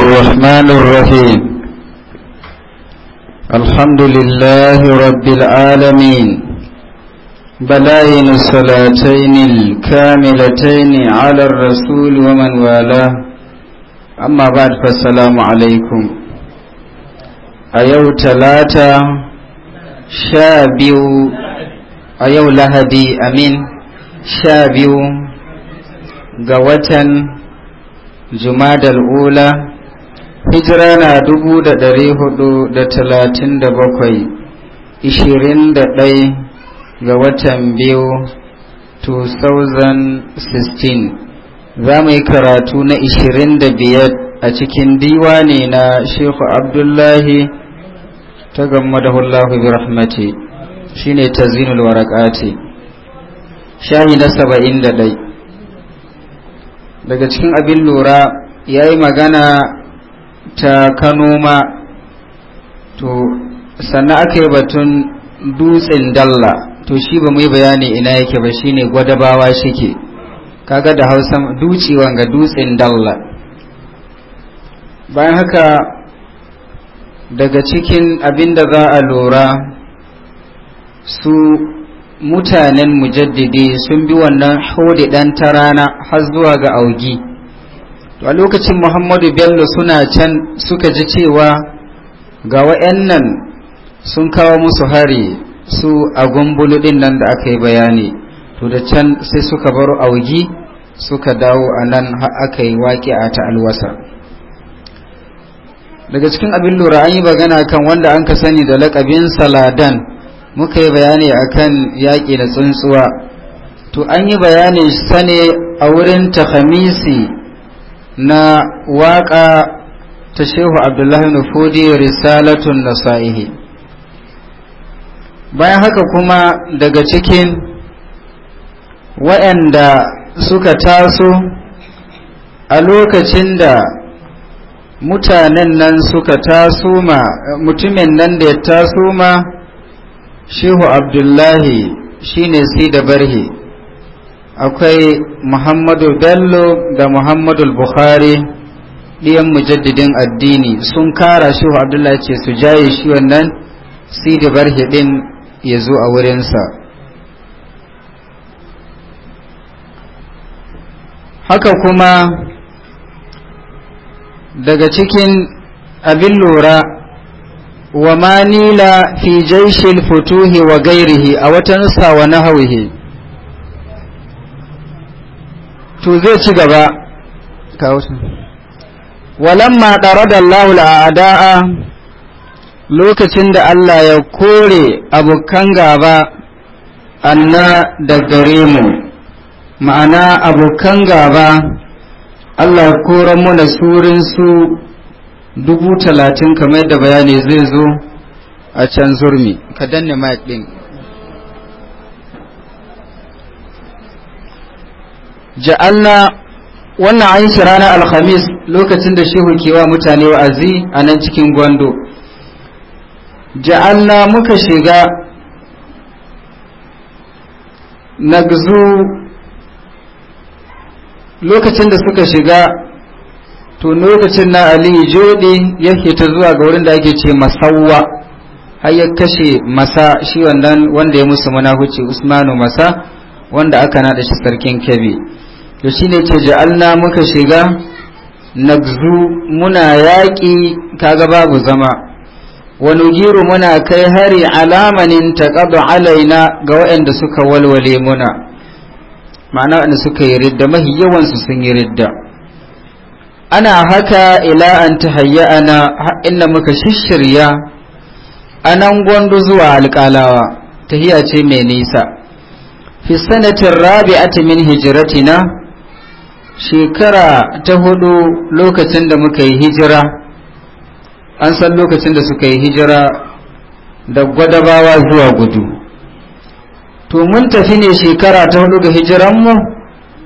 الرحمن الرحيم الحمد لله رب العالمين بلاين الصلاتين الكاملتين على الرسول ومن والاه أما بعد فالسلام عليكم أيو تلاتة شابيو أيو لهدي أمين شابيو ga watan jumadal ula hijira na dubu da dari hudu da talatin da bakwai ishirin da ɗai ga watan biyu 2016 za mu yi karatu na ishirin da biyar a cikin diwani na shehu abdullahi ta gamma da hullahu bi rahmati shine tazinul warakati shahi na saba'in da ɗai daga cikin abin lura ya yi magana ta kano ma to sannan aka yi batun dutsen dalla to shi ba mai bayani ina yake ba shi ne gwadabawa shi ke kaga da hausa ducewan ga dutsen dalla bayan haka daga cikin abinda za a lura su mutanen mujaddidi sun bi wannan ɗan ta rana har zuwa ga augi to a lokacin muhammadu bello suna can suka ji cewa ga wa'annan sun kawo musu hari su a din nan da aka yi bayani to da can sai suka baro augi suka dawo a nan aka yi a ta alwasa daga cikin abin lura an yi bagana kan wanda an ka sani da lakabin saladan muka yi bayani a kan yaƙi da tsuntsuwa to an yi bayanin sane a wurin tahamisi na waƙa ta shehu abdullahi nufudi risalatun nasa'ihi bayan haka kuma daga cikin waɗanda suka taso a lokacin da mutanen nan suka taso ma mutumin nan da ya taso ma shehu abdullahi shine sai da barhe akwai muhammadu bello da muhammadu bukhari ɗiyan mujaddidin addini sun kara shi wa abdullahi ce su jaye shi wannan sidi barhidin ya zo a wurinsa haka kuma daga cikin abin lura wa manila fi jaishin futuhi wa gairihi a watan sawa na hauhe to zai ci gaba kawo su walamma darada Allahu ada'a lokacin da Allah ya kore abokan gaba anna da gare mu ma'ana abokan gaba Allah koran mu da surin su dubu talatin kamar yadda bayani zai zo a can zurmi ka danne mic ɗin ja'alna wannan an shi ranar alhamis lokacin da shehu ke wa mutane wa'azi a nan cikin gwando ja'alna muka shiga nagzu lokacin da suka shiga to lokacin na aliyu jodi ya ta zuwa ga wurin da ake ce masauwa har ya kashe masa shi wannan wanda ya musu huce usmanu masa wanda aka naɗa shi sarkin kebe to shine ce ja'alna muka shiga nagzu muna yaki kaga babu zama wani giru muna kai hari alamanin taqadu alaina ga waɗanda suka walwale muna ma'ana waɗanda suka yi ridda mahi yawansu sun yi ridda ana haka ila an tahayya'ana inda muka shishirya anan gwandu zuwa alƙalawa tahiya ce mai nisa fi sanatin rabi'ati min hijratina shekara ta hudu lokacin da muka yi hijira an san lokacin da suka yi hijira da gwadabawa zuwa gudu to mun tafi ne shekara ta hudu ga hijiranmu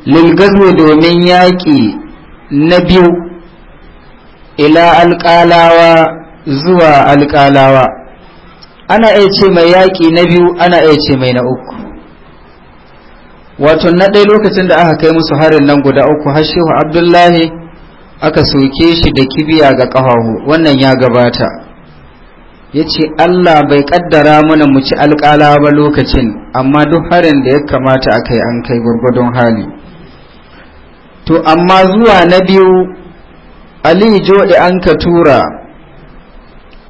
lilgazwe domin yaƙi na biyu ila alƙalawa zuwa alƙalawa ana iya mai yaƙi na biyu ana iya ce mai na uku wato na ɗaya lokacin da aka kai musu harin nan guda uku har shehu abdullahi aka soke shi da kibiya ga ƙafahu wannan ya gabata ya ce allah bai ƙaddara mana mu ci alƙala ba lokacin amma duk harin da ya kamata a kai an kai gwargwadon hali to amma zuwa na biyu ali jode an ka tura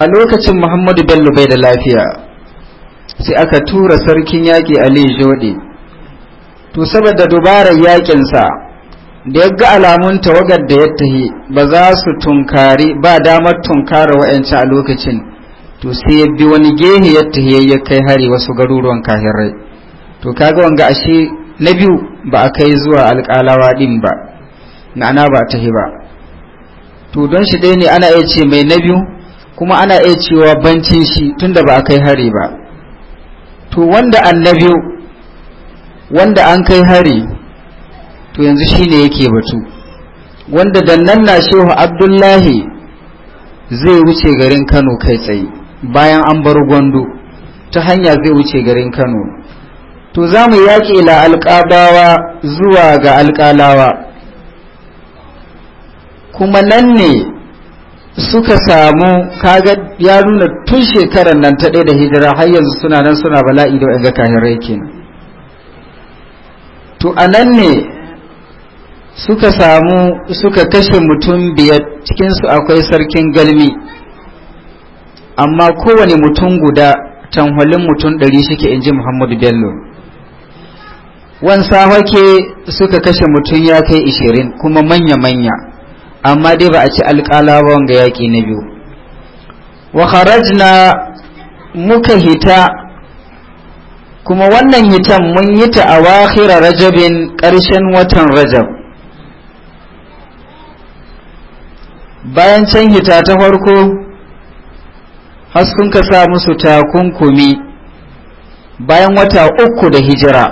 a lokacin muhammadu bello bai da lafiya sai aka tura sarkin yaƙi ali jode to saboda dubarar yaƙinsa da ya ga alamun tawagar da ya tahi ba za su tunkari ba damar tunkara wa'yanci a lokacin to sai ya bi wani gehe ya tahi ya kai hari wasu garuruwan kahirai to kaga wanga ashe na biyu ba a kai zuwa alƙalawa ɗin ba ma'ana ba ta ba to don shi ɗaya ne ana iya ce mai na biyu kuma ana iya cewa bancin shi tunda ba a kai hari ba to wanda annabiyu wanda an kai hari to yanzu shine yake batu wanda dannan na shehu abdullahi zai wuce garin kano kai tsaye bayan an bar gwando ta hanya zai wuce garin kano to za mu yaƙi la zuwa ga alƙalawa kuma nan ne suka samu kaga ya nuna tun shekarar nan ta ɗaya da hijira har yanzu suna nan suna bala'i da wa'in ga kahirai kenan to a nan ne suka samu suka kashe mutum biyar cikinsu akwai sarkin galmi amma kowane mutum guda tanhalin mutum ɗari shike inji ji muhammadu bello wansa wake suka kashe mutum ya kai ishirin kuma manya-manya amma dai ba a ci ba ga yaƙi na biyu wa kharajna muka hita kuma wannan yitan mun yi ta a wakira rajabin ƙarshen watan rajab bayan can hita ta farko ka sa musu takunkumi bayan wata uku da hijira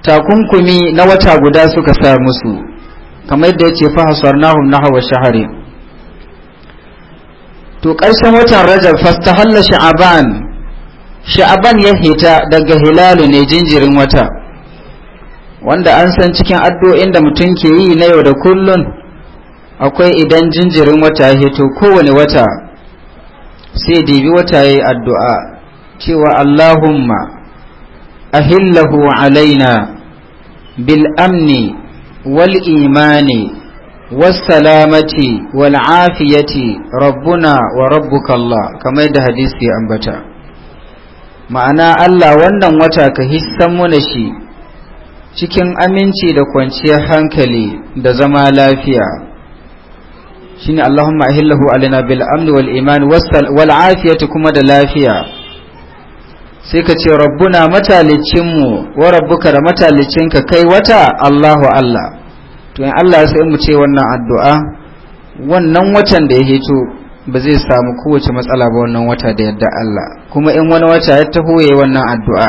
takunkumi na wata guda suka sa musu kamar yadda ya ce fahasar nahun na hawa shahari to karshen watan rajab fastahalla sha'aban sha'aban ya hita daga hilalu ne jinjirin wata wanda an san cikin addu'o'in da mutum ke yi na yau da kullun akwai idan jinjirin wata ya hito kowane wata sai dibi wata ya yi addu'a cewa Allahumma ahillahu alaina bil amni wal imani wasalamati wal afiyati rabbuna wa rabbuka Allah kamar da hadisi ya ambata ma'ana Allah wannan wata ka hissan muna shi cikin aminci da kwanciyar hankali da zama lafiya shine Allahumma ahillahu alaina bil amn wal iman wal afiyati kuma da lafiya sai ka ce rabbuna matalicin mu wa rabbuka da matalicin ka kai wata Allahu Allah to in Allah sai mu ce wannan addu'a wannan watan da ya hito ba zai samu kowace matsala ba wannan wata da yadda Allah kuma in wani wata ya taho yi wannan addu'a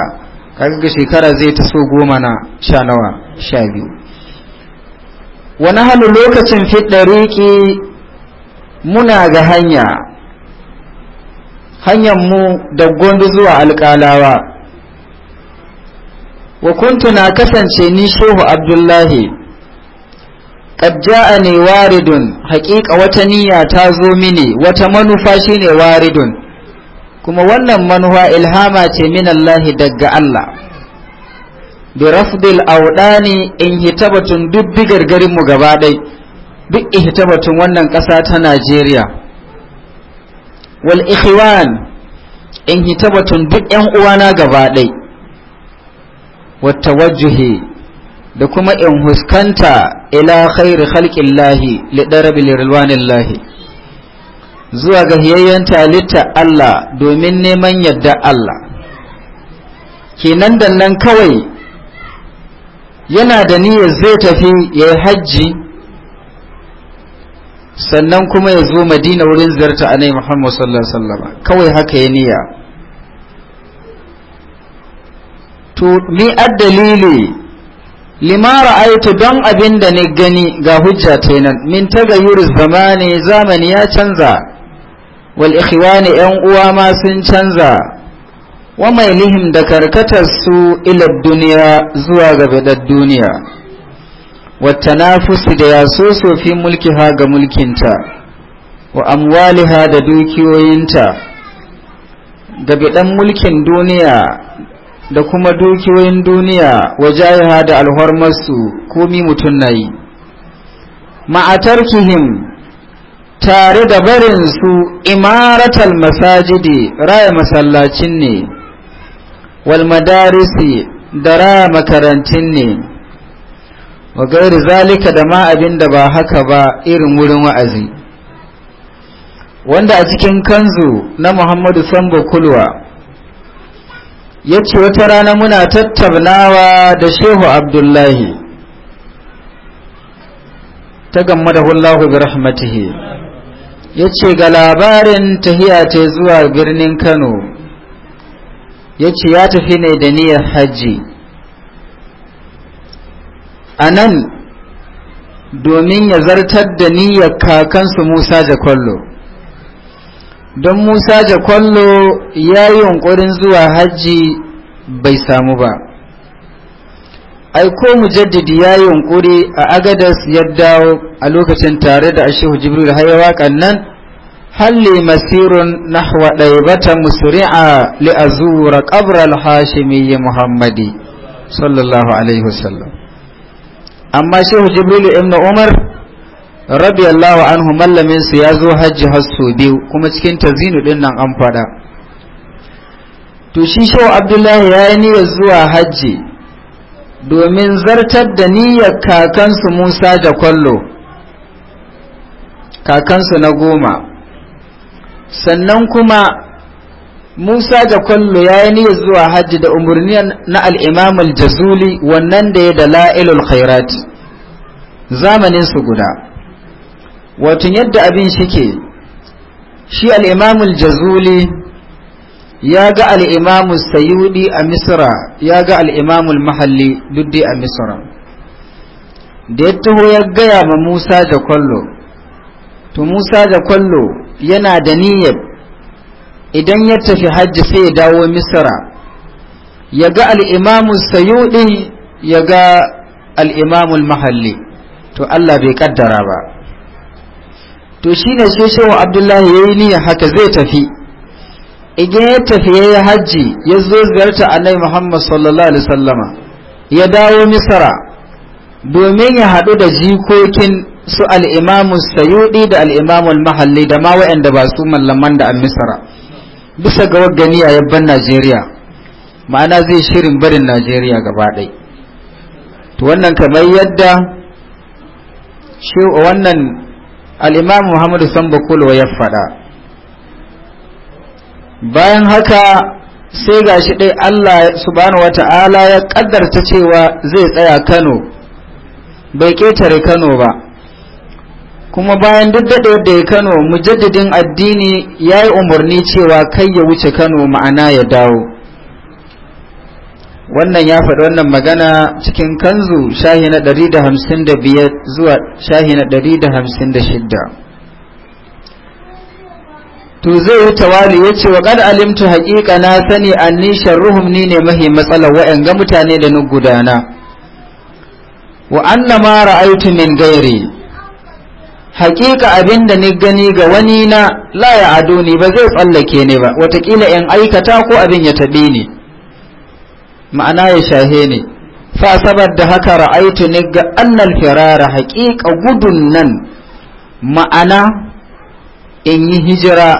kaga ga shekara zai ta so goma na sha nawa sha biyu wani halu lokacin fiɗa riƙe muna ga hanya hanyar mu da gondu zuwa alƙalawa wa kuntuna na kasance ni shehu abdullahi qad ne waridun haƙiƙa wata niyya ta zo mini wata manufa shine waridun kuma wannan manufa ilhama ce min Allah daga Allah bi rafdil awdani in hitabatun duk bigargarin mu gaba dai duk ihtabatun wannan ƙasa ta Najeriya wal ikhwan in hitabatun duk ƴan uwana gaba dai wat tawajjuhi da kuma in huskanta ila khairi khalqin lahi lidarabi lirwanin lahi zuwa ga hiyayyen talitta Allah domin neman yadda Allah kenan da nan kawai yana da niyyar zai tafi ya yi hajji sannan kuma ya zo madina wurin ziyarta anai muhammad sallallahu alaihi wasallam kawai haka ya niyya to ni addalili limara aitu don abin da ni gani ga hujja ta nan min tagayyuri zamani zamani ya canza wal ikhwani yan uwa ma sun canza wa mai lihim da karkatar su ila duniya zuwa ga bidar duniya wata nafusi da yaso sofi mulkiha ga mulkinta wa amwaliha da dukiyoyinta ga bidan mulkin duniya da kuma dukiyoyin duniya wajayaha da alhormarsu komi mutum na yi ma'atarkihim tare da barinsu imaratal masajidi raya masallacin ne walmadarisi da raya makarantin ne wa gairu zalika da ma abin ba haka ba irin wurin wa'azi wanda a cikin kanzu na muhammadu sambo kulwa yace wata rana muna tattabnawa da shehu abdullahi ta gamma da hullahu bi rahmatihi ya ce ga labarin tahiya ta zuwa birnin kano yace ya tafi ne da niyyar hajji a nan domin ya zartar da niyyar kakansu musa jakollo don musa jakwallo ya yi yunkurin zuwa hajji bai samu ba aiko mujaddidi ya yi yunkuri a agadas ya dawo a lokacin tare da ashihu jibril hayawa kannan halli masirun nahwa ɗaibata musri'a li'azura ƙabral hashimiyyi muhammadi sallallahu alaihi wasallam amma shehu jibril ibn umar radiyallahu anhu mallamin su ya zo hajji har sau biyu kuma cikin tazinu din nan an faɗa to shi abdullahi ya yi niyyar zuwa hajji domin zartar da niyyar kakansu musa da kwallo kakansu na goma sannan kuma musa da kwallo ya yi niyyar zuwa hajji da umarni na al'imam al-jazuli wannan da ya da la'ilul khairat zamaninsu guda watan yadda abin shike shi al'imamul jazuli ya ga al'imamul sayudi a misra ya ga al'imamul mahalli duddi a misra da ya taho ya gaya ma musa da kwallo to musa da kwallo yana da niyyar idan ya tafi hajji sai ya dawo misra ya ga al'imamul sayudi ya ga al'imamul mahalli to allah bai kaddara ba to shine sai shehu abdullahi ya yi niyyar haka zai tafi idan ya tafi ya yi hajji ya zo ziyarta annabi muhammad sallallahu alaihi sallama ya dawo misra domin ya haɗu da jikokin su al'imamu Sayuɗi da al mahalli da ma wa'anda ba su mallaman da a misra bisa ga gani a yabban najeriya ma'ana zai shirin barin najeriya gaba ɗai to wannan kamar yadda wannan al'imam muhammadu samba kulwa ya faɗa bayan haka sai gashi ɗaya Allah subhanahu wata'ala ya ƙaddarta cewa zai tsaya Kano bai ƙetare Kano ba kuma bayan duk daɗe da ya Kano mujaddadin addini ya yi umarni cewa kai ya wuce Kano ma'ana ya dawo wannan ya faɗi wannan magana cikin kanzu shahi na 155 zuwa shahi na 156 to zai wuce wali ya ce wa kad alimtu haƙiƙa na sani anni sharruhum ni ne mahi matsala wa'yan ga mutane da ni gudana wa anna ma ra'aytu min gairi haƙiƙa abin da ni gani ga wani na laya ya ado ni ba zai tsallake ni ba watakila in aikata ko abin ya taɓe ni ma'ana ya shahe ne fa da haka ra'aitu ne ga annal firara haƙiƙa gudun nan ma'ana in yi hijira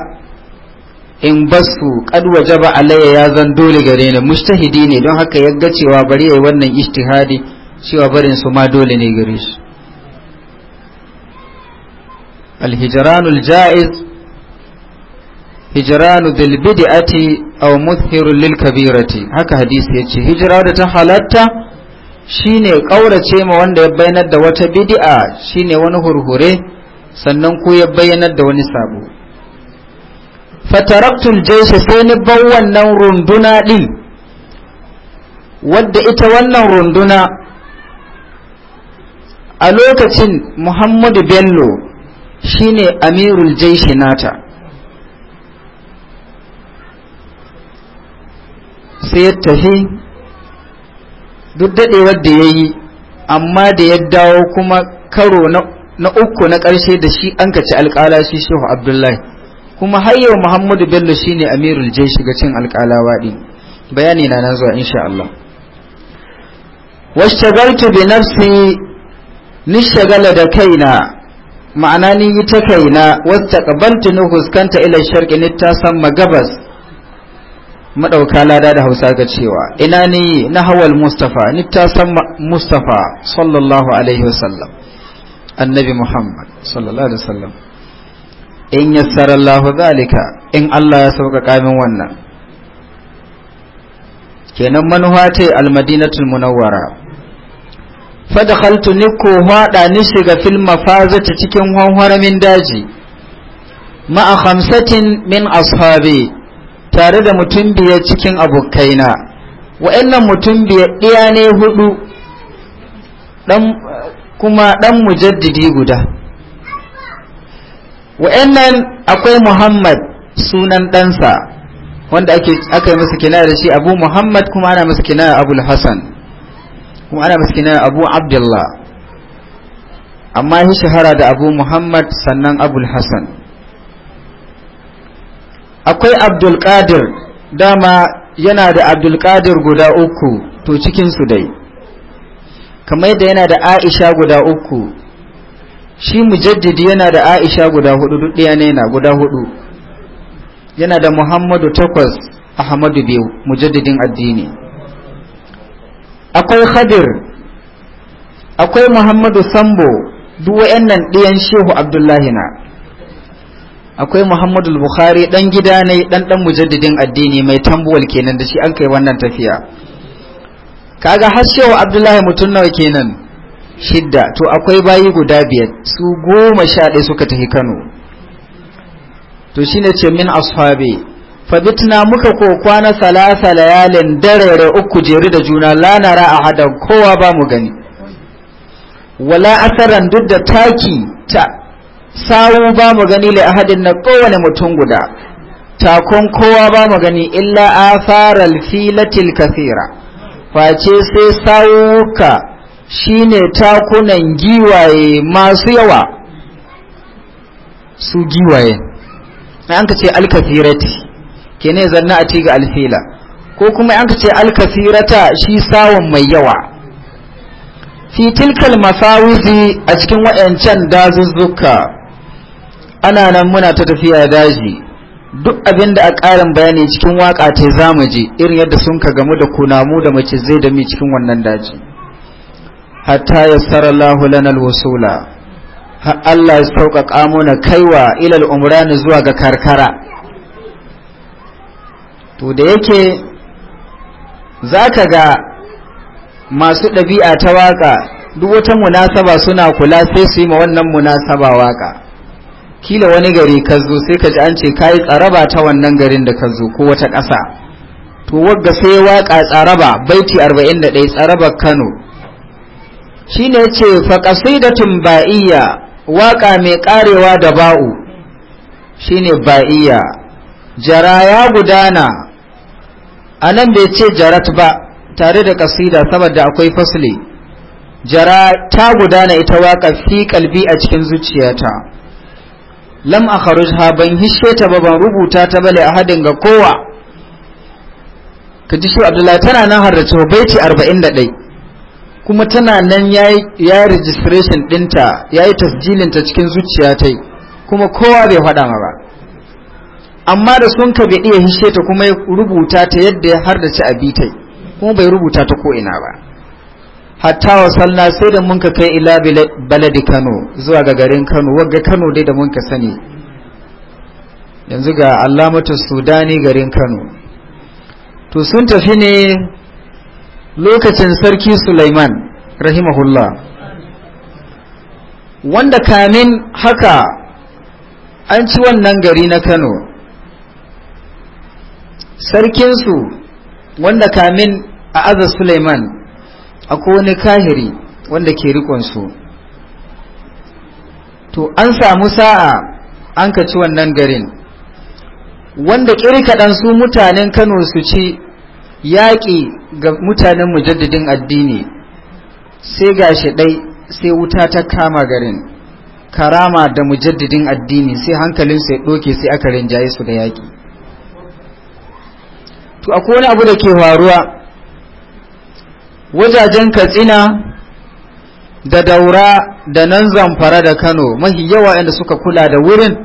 in basu kadwa jaba alayya ya zan dole gare ni mustahidi ne don haka ya cewa bari yayi wannan ijtihadi cewa barin su ma dole ne gare shi al-hijranul ja'iz hijranu bil bid'ati aw muzhirul lil kabirati haka hadisi yace hijira da ta halatta shine kaurace ma wanda ya bayyana da wata bid'a shine wani hurhure sannan ko ya bayyanar da wani sabo fataraktul jaisha sai ni ban wannan runduna din wadda ita wannan runduna a lokacin muhammadu bello shine amirul jaishi nata sai ya tafi duk daɗewar da ya yi amma da ya dawo kuma karo na uku na ƙarshe da shi an kaci alƙala shi shehu abdullahi kuma har yau muhammadu bello shine amirul jeshi ga cin alƙala waɗi bayani na nan zuwa insha Allah washtagaltu bi nafsi ni shagala da kaina ma'ana ni yi ta kaina wastaqbaltu ni huskanta ila sharqi ni ta san magabas madauka lada da hausa ga cewa ina ni na hawal mustafa ni ta san mustafa sallallahu alaihi wasallam annabi muhammad sallallahu alaihi wasallam in yassara allahu zalika in allah ya sauƙaƙa min wannan kenan manuwa ce almadinatul munawwara fadakhaltu ni ko hada ni shiga fil mafazati cikin hanharamin daji ma'a khamsatin min ashabi tare da mutum biyar cikin abokaina wa'annan mutum biyar ɗiya ne hudu kuma ɗan mujaddidi guda wa'annan akwai muhammad sunan ɗansa wanda aka yi masa kina da shi abu muhammad kuma ana masa kina abu hassan kuma ana masa kina abu abdullah amma shi shahara da abu muhammad sannan abu hassan akwai abdulkadir dama yana da abdulkadir guda uku to cikinsu dai kamar yadda yana da aisha guda uku shi mujaddidi yana da aisha guda hudu duk ɗaya ne na guda hudu yana da muhammadu takwas ahmadu biyu mujaddidin addini akwai khadir akwai muhammadu sambo duk wayannan ɗiyan shehu abdullahi na akwai muhammadu bukhari dan gida ne dan dan mujaddidin addini mai tambuwal kenan da shi an kai wannan tafiya kaga har shehu abdullahi mutum nawa kenan shidda to akwai bayi guda biyar su goma sha ɗaya suka tafi kano to shine ce min ashabi fabitna muka ko kwana salasa layalin darare uku jeri da juna la a hada kowa ba mu gani wala asaran duk da taki ta sawu ba mu gani li ahadin na kowane mutum guda takon kowa ba mu gani illa afara filatil kathira face sai sawuka shine takunan giwaye masu yawa su giwaye an ka ce alkathirati ke ne zanna a ga alfila ko kuma an ka ce alkathirata shi sawun mai yawa fi tilkal mafawizi a cikin waɗancan dazuzzuka ana nan muna ta tafiya daji duk abin da a ƙarin bayani cikin waka ta za mu je irin yadda sun ka gamu da kunamu da mace zai da mi cikin wannan daji hatta yassara Allahu lana alwusula har Allah ya sauƙaƙa mana kaiwa ilal umrani zuwa ga karkara to da yake zaka ga masu ɗabi'a ta waka duk wata munasaba suna kula sai su yi ma wannan munasaba waka kila wani gari ka zo sai ka ji an ce ka yi tsaraba ta wannan garin da ka zo ko wata ƙasa to wagga sai waƙa tsaraba baiti 41 tsaraba kano shi ne ce faƙasidatun ba'iyya waƙa mai ƙarewa da ba'u shi ne ba'iyya jara ya gudana a nan bai ce jarat ba tare da ƙasida saboda akwai fasli jara ta gudana ita waƙa fi kalbi a cikin zuciyata lam ha ban hishe ta ba ban rubuta ta bale hadin ga kowa Ka ji su Abdullahi tana nan harrace baiti 41 kuma tana nan ya yi registration dinta yayi tasjilin ta cikin zuciya tai kuma kowa bai faɗa ma ba amma da sun ka bai iya hishe kuma ya rubuta ta yadda ya harrace bitai kuma bai rubuta ta ko ina ba hatta wasalna sai da mun ka kai ila baladi kano zuwa ga garin kano wagga kano dai da mun ka sani yanzu ga alamatu sudani garin kano to sun tafi ne lokacin sarki sulaiman rahimahullah wanda kamin haka an ci wannan gari na kano sarkinsu wanda kamin a azaz sulaiman akwai wani kahiri wanda ke rikonsu to an samu sa'a an ka ci wannan garin wanda kaɗan su mutanen kano su ci yaƙi ga mutanen mujaddidin addini sai gashi ɗai sai wuta ta kama garin karama da mujaddidin addini sai hankalinsu ya ɗoke sai aka rinjaye su da yaƙi to akwai wani abu da ke faruwa wajajen katsina da daura da nan zamfara da kano mahi yawa yadda suka kula da wurin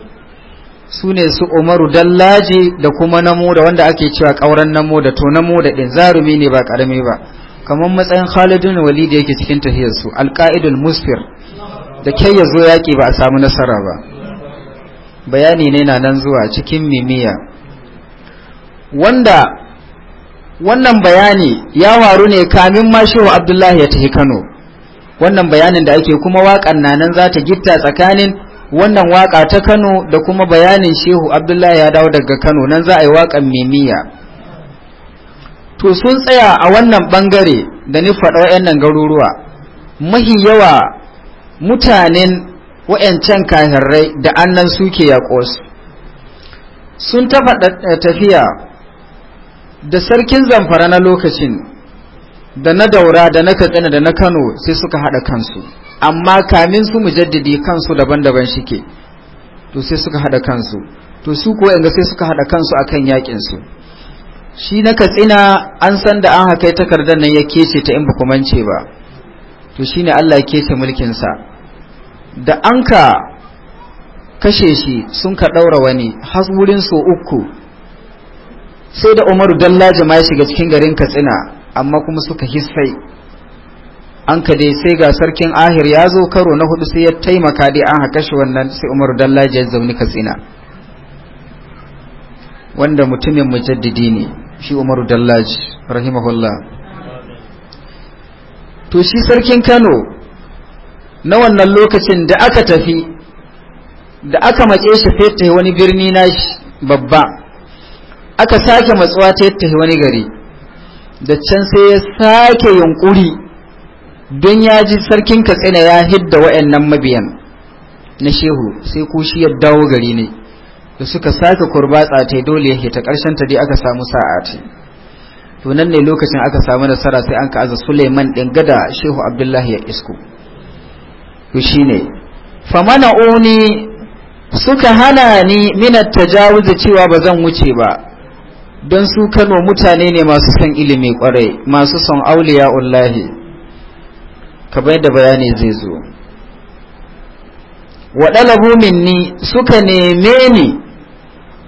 su ne su umaru dallaji da kuma namo da wanda ake cewa kauran namo da to namo da ɗin zarumi ne ba ƙarami ba kamar matsayin khalidun walidi yake cikin tahiyarsu alƙa'idul musfir da ke ya zo yaƙi ba a samu nasara ba bayani ne na nan zuwa cikin mimiya wanda wannan bayani ya waru ne kamin ma shehu abdullahi ya tafi kano wannan bayanin da ake kuma waƙan nanan nan za ta gitta tsakanin wannan waƙa ta kano da kuma bayanin shehu abdullahi ya dawo daga kano nan za a yi waƙan memiya to sun tsaya a wannan bangare da ni faɗa wa'annan garuruwa mahi yawa mutanen wayancan kahirrai da annan suke yaƙos sun tafa eh, tafiya da sarkin zamfara na lokacin da na daura da na katsina da na kano sai suka haɗa kansu amma kamin su mujaddidi kansu daban-daban shike to sai suka haɗa kansu to su ko yanga sai suka haɗa kansu akan yakin su shi na katsina an san da an haka takardar nan ya kece ta in ba kumance ba to shine Allah ya kece mulkin sa da an ka kashe shi sun ka daura wani har wurin so uku sai da umaru dallaji ma ya shiga cikin garin katsina amma kuma suka hissai an ka dai sai ga sarkin ahir ya zo karo na hudu sai ya taimaka dai an haka shi wannan sai umaru dallaji ya zaune katsina wanda mutumin mujaddidi ne shi umaru dallaji rahimahullah to shi sarkin kano na wannan lokacin da aka tafi da aka mace shi sai wani birni na babba aka sake matsuwa ta yadda wani gari da can sai ya sake yunkuri don ya ji sarkin katsina ya hidda wa'annan mabiyan na shehu sai ko shi ya dawo gari ne da suka sake kurbatsa ta dole ya ta karshen ta dai aka samu sa'a ce to nan ne lokacin aka samu nasara sai an ka aza Suleiman din gada Shehu Abdullahi ya isku to shine famana uni suka hana ni min tajawuz cewa bazan wuce ba don su kano mutane ne masu son ilimi kwarai masu son auliya ullahi kamar yadda bayani zai zo waɗalabu minni suka neme ni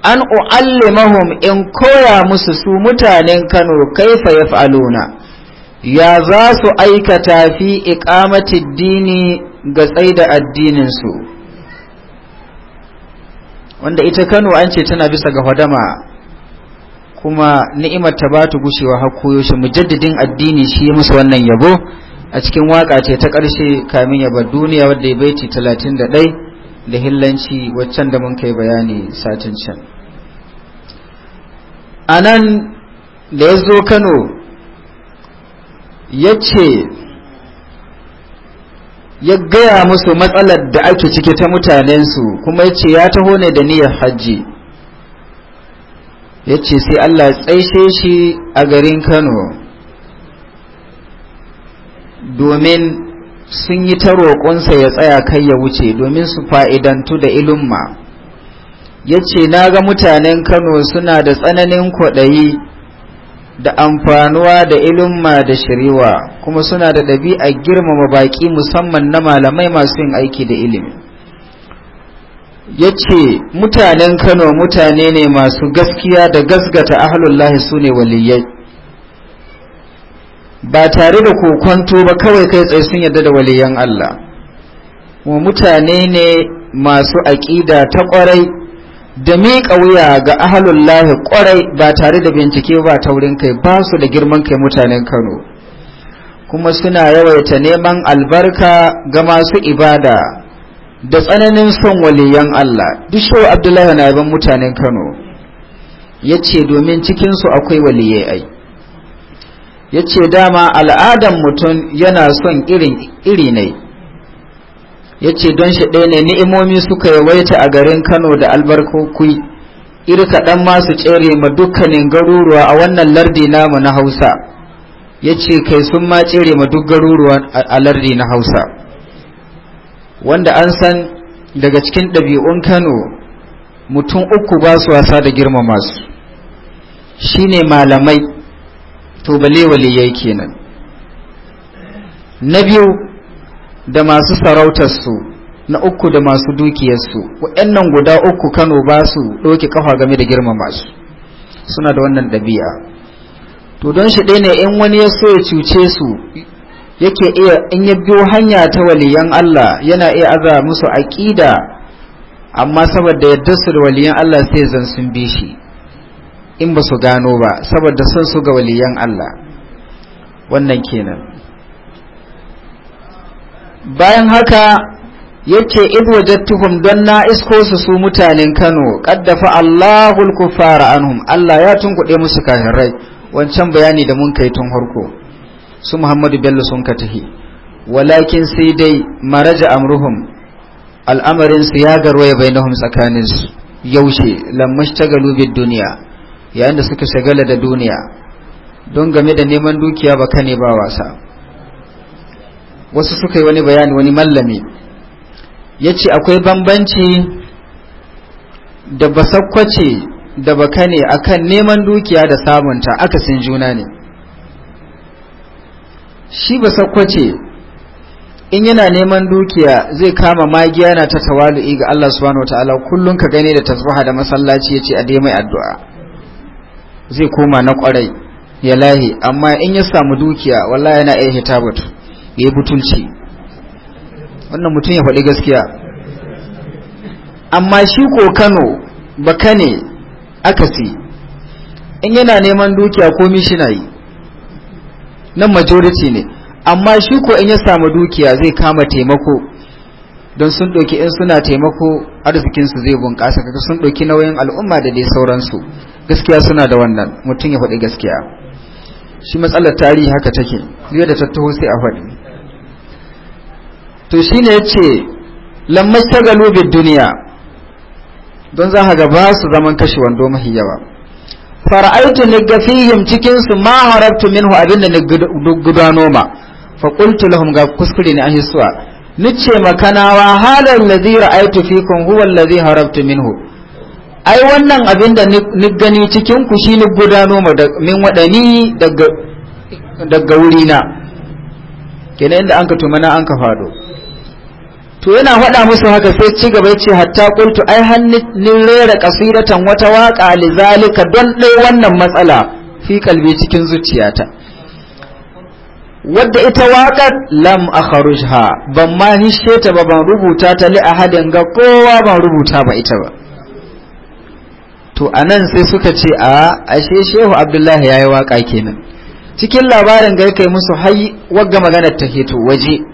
an u'allimahum in koya musu su mutanen kano kaifa ya fa'aluna ya za su aikata fi iƙamatin dini ga tsaida addininsu wanda ita kano an ce tana bisa ga hadama kuma ni'imar ta ba ta gushewa har shi mujaddidin addini shi ya musu wannan yabo a cikin waka ce ta ƙarshe kamin ya bar duniya wadda ya baiti 31 da hillanci waccan da mun kai bayani satin can a nan da ya zo kano ya ce ya gaya musu matsalar da ake ciki ta mutanensu kuma ya ce ya taho ne da niyyar hajji ya ce sai Allah tsaise shi a garin Kano domin sun yi ta roƙonsa ya tsaya kai ya wuce domin su fa'idantu da ilimma ya ce na ga mutanen Kano suna da tsananin kwaɗayi da amfanuwa da ilimma da shiriwa kuma suna da ɗabi'a girmama baƙi musamman na malamai masu yin aiki da ilimi ya ce mutanen kano mutane ne masu gaskiya da gasgata ahalullahi su ne waliyai ba tare da kokonto ba kawai kai tsaye sun yarda da waliyan Allah wa mutane ne masu aƙida ta ƙwarai da miƙa wuya ga ahalullahi ƙwarai ba tare da bincike ba taurin kai ba su da girman kai mutanen kano kuma suna yawaita neman albarka ga masu ibada da tsananin son waliyan Allah duk shehu abdullahi na yaban mutanen kano yace domin cikin su akwai waliyai ai ya dama al'adan mutum yana son irin iri ne ya don shi ɗaya ne ni'imomi suka yawaita a garin kano da albarkokui iri kaɗan su tsere ma dukkanin garuruwa a wannan lardi namu na hausa yace kai sun ma tsere ma duk garuruwa a lardi na hausa wanda an san daga cikin ɗabi'un kano mutum uku ba su wasa da girmama su ne malamai to bale kenan na biyu da masu sarautarsu na uku da masu dukiyarsu waɗannan guda uku kano ba su ɗauke kafa game da girmama su suna da wannan ɗabi'a to don shi ɗaya ne in wani ya so ya cuce su yake iya in ya biyo hanya ta waliyan Allah yana iya aza musu aqida amma saboda yadda su da waliyan Allah sai zan sun bi shi in ba su gano ba saboda son su ga waliyan Allah wannan kenan bayan haka yace id tuhum don na isko su su mutanen Kano qaddafa Allahul kufara anhum Allah ya tunkuɗe musu rai wancan bayani da mun kai tun harko su muhammadu bello sun ka tahi walakin sai dai maraja amruhum su ya garwaya tsakanin tsakaninsu yaushe lammash ta galubin duniya yayin da suka shagala da duniya don game da neman dukiya ba kane ba wasa wasu suka yi wani bayani wani mallami ya ce akwai bambanci da basakwace da ka ne akan neman dukiya da samunta akasin juna ne shi ba sakwace in yana neman dukiya zai kama magiya na ta tawalu'i ga Allah subhanahu wataala kullun ka gane da tasbaha da masallaci yace a dai mai addu'a zai koma na kwarai ya lahi amma in ya samu dukiya wallahi yana iya hitabut ya yi butulci wannan mutum ya faɗi gaskiya amma shi ko Kano ba kane akasi in yana neman dukiya ko mishinayi nan majority ne amma shi ko in ya samu dukiya zai kama taimako don sun ɗauki in suna taimako arzikinsu zai bunƙasa kaga sun ɗauki nauyin al'umma da dai sauransu gaskiya suna da wannan mutum ya faɗi gaskiya shi matsalar tarihi haka take biyu da tattaho sai a faɗi to shine yace ya ce lammai ta galubin duniya don za ga ba su zaman kashe wando mahi yawa fara'aitu ga fihim cikin su ma harabtu minhu abinda ni gudano ma fa qultu lahum ga kuskure ni ahi suwa nice makanawa halal ladhi ra'aitu fikum huwa alladhi harabtu minhu ai wannan abinda ni gani cikin ku shi ni gudano ma min wadani daga daga wurina kenan inda anka tuma na anka fado to yana faɗa musu haka sai ci gaba ce hatta qultu ai hannun rera kasiratan wata waka lizalika don dai wannan matsala fi kalbi cikin zuciyata wadda ita wakar lam akharujha ban ma hishe ta ba ban rubuta ta li ahadin ga kowa ban rubuta ba ita ba to anan sai suka ce a ashe shehu abdullahi yayi waka kenan cikin labarin ga kai musu hai wagga maganar ta to waje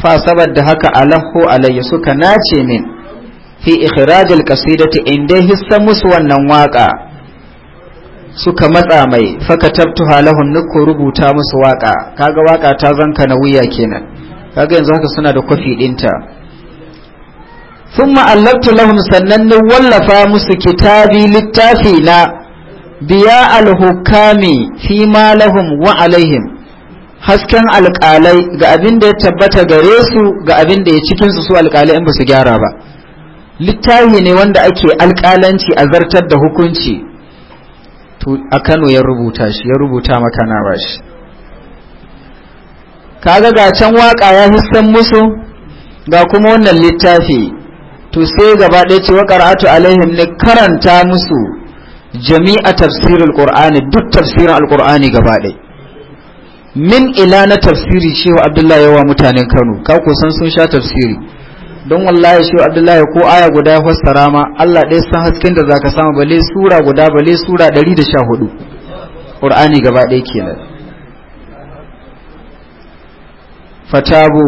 fa saboda haka alahu alayya suka nace min fi ikhrajil qasidati inda hissa musu wannan waka suka matsa mai tabtu halahun nuku rubuta musu waka kaga waka ta zanka na wuya kenan kaga yanzu haka suna da kofi dinta thumma allabtu lahum sannan ni wallafa musu kitabi littafi na biya alhukami fi ma lahum wa alaihim hasken alƙalai ga abin da ya tabbata gare su ga abin da ya cikinsu su alƙalai in ba su gyara ba littafi ne wanda ake alƙalanci a zartar da hukunci to a kano ya rubuta shi ya rubuta maka na ba shi kaga ga can waƙa ya hissan musu ga kuma wannan littafi to sai gaba ɗaya ce wa ƙara'atu alaihim ne karanta musu jami'a tafsirin alƙur'ani duk tafsirin alƙur'ani gaba ɗaya min ila na tafsiri shehu abdullahi yawa mutanen kano ka san sun sha tafsiri don wallahi shehu abdullahi ko aya guda ya fassara ma allah ɗaya san hasken da zaka samu balle sura guda balle sura 114 qur'ani gaba ɗaya kenan fatabu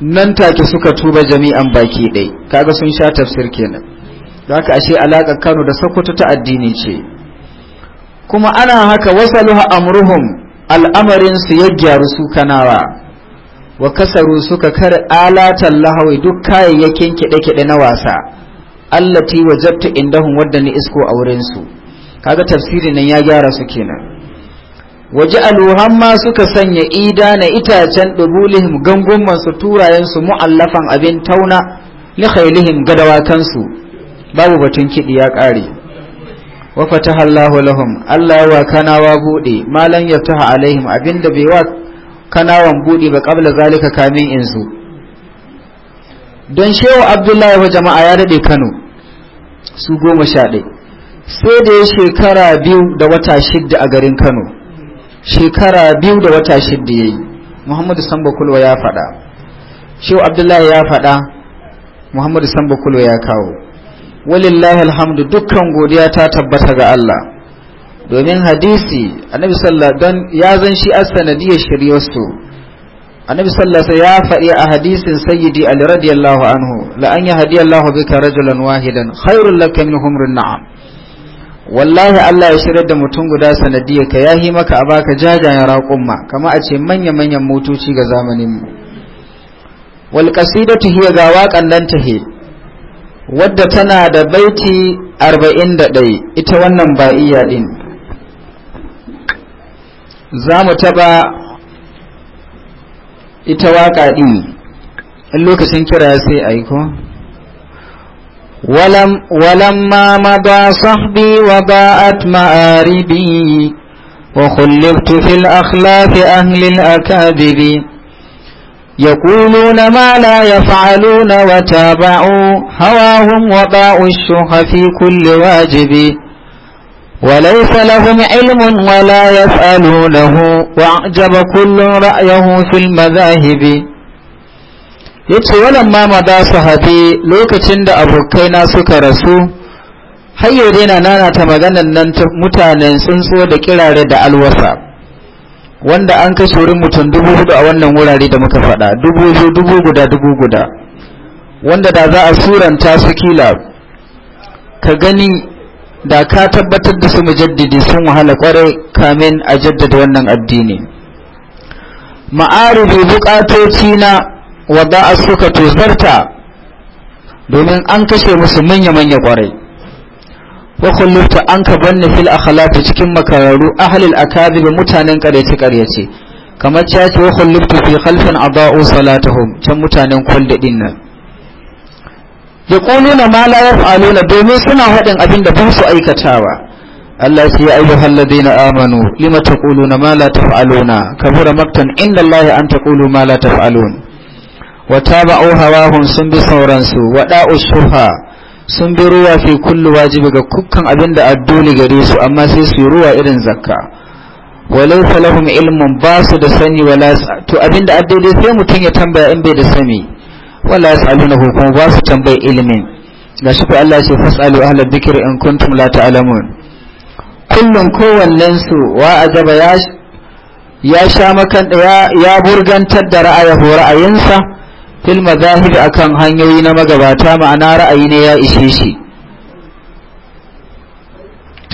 nan take suka tuba jami'an baki ɗaya kaga sun sha tafsir kenan haka ashe alaƙar kano da sokoto ta addini ce kuma ana haka wasaluha amruhum al'amarin su ya gyaru su kanawa wa kasaru suka kar alatan lahawi duk kayayyakin kiɗe-kiɗe na wasa allati jabta indahum wadda ni isko a wurin su kaga tafsirin nan ya gyara su kenan waje ma suka sanya ida na itacen dubulihim gangunman su turayen su mu'allafan abin tauna li khailihim gadawakan su babu batun kiɗi ya ƙare wa fataha Allahu lahum Allah ya wa kanawa bude malan yaftaha alaihim abinda bai wa kanawan bude ba kabla zalika kamin inzu don shehu Abdullahi wa jama'a ya dade Kano su goma sha ɗaya sai da ya shekara biyu da wata shidda a garin Kano shekara biyu da wata shidda yayi Muhammadu Sambo Kulwa ya faɗa shehu Abdullahi ya faɗa Muhammadu Sambo Kulwa ya kawo walillahi alhamdu dukkan godiya ta tabbata ga Allah domin hadisi annabi sallallahu don ya zan shi as-sanadiyya shiryarsu annabi sallallahu ya faɗi a hadisin sayyidi ali radiyallahu anhu la an yahdiyallahu bika rajulan wahidan khairul laka min humrin na'am wallahi Allah ya shirya da mutum guda sanadiyar ka yahi maka a baka jajayen raƙumma kama a ce manya-manyan motoci ga zamaninmu wal qasidatu hiya ga waƙan nan tahe wadda tana da baiti 41 ita wannan iya din za mu taba ita waka din in lokacin kira sai a yi ko ولما مضى صحبي وضاءت مآربي وخلقت في الأخلاف أهل الأكاذب يقولون ما لا يفعلون وتابعوا هواهم وباعوا الشح في كل واجب وليس لهم علم ولا يسألونه وأعجب كل رأيه في المذاهب yace walamma maza su haɗe lokacin da abokaina suka rasu hayyo daina nana ta maganan nan mutanen tsuntsu da kirare da alwasa wanda an kashe wurin mutum dubu hudu a wannan wurare da muka faɗa dubu hudu dubu guda dubu guda wanda da za a suranta su kila ka gani da ka tabbatar da su mujaddidi sun wahala kwarai kamin a jaddada wannan addini ma'aribi bukatoci na wadda suka tozarta domin an kashe musu manya-manya kwarai wa an ka banne fil akhlaqi cikin makararu ahlil akadhib mutanen karyace karyace kamar ya ce wa fi khalfin adaa'u salatahum can mutanen kuldadin nan yaquluna ma la yaf'aluna domin suna hadin abin da ba su aikatawa Allah ce ya ayyuhal amanu lima taquluna ma la taf'aluna kabura maktan inda Allah an taqulu ma la taf'alun wa taba'u hawahum sun bi sauransu wa da'u shuha sun bi ruwa fi kullu wajibi ga kukan abinda addoli gare su amma sai su yi ruwa irin zakka walau falahum ilmun ba su da sani wala to abinda da addoli sai mutum ya tambaya in bai da sani wala yasaluna ko kuma ba su tambayi ilimin gashi ko Allah ce fasalu ahlal dhikri in kuntum la ta'lamun kullun kowannen su wa ajaba ya ya sha makan ya burgantar da ra'ayi ra'ayinsa fil mazahib akan hanyoyi na magabata ma'ana ra'ayi ne ya ishe shi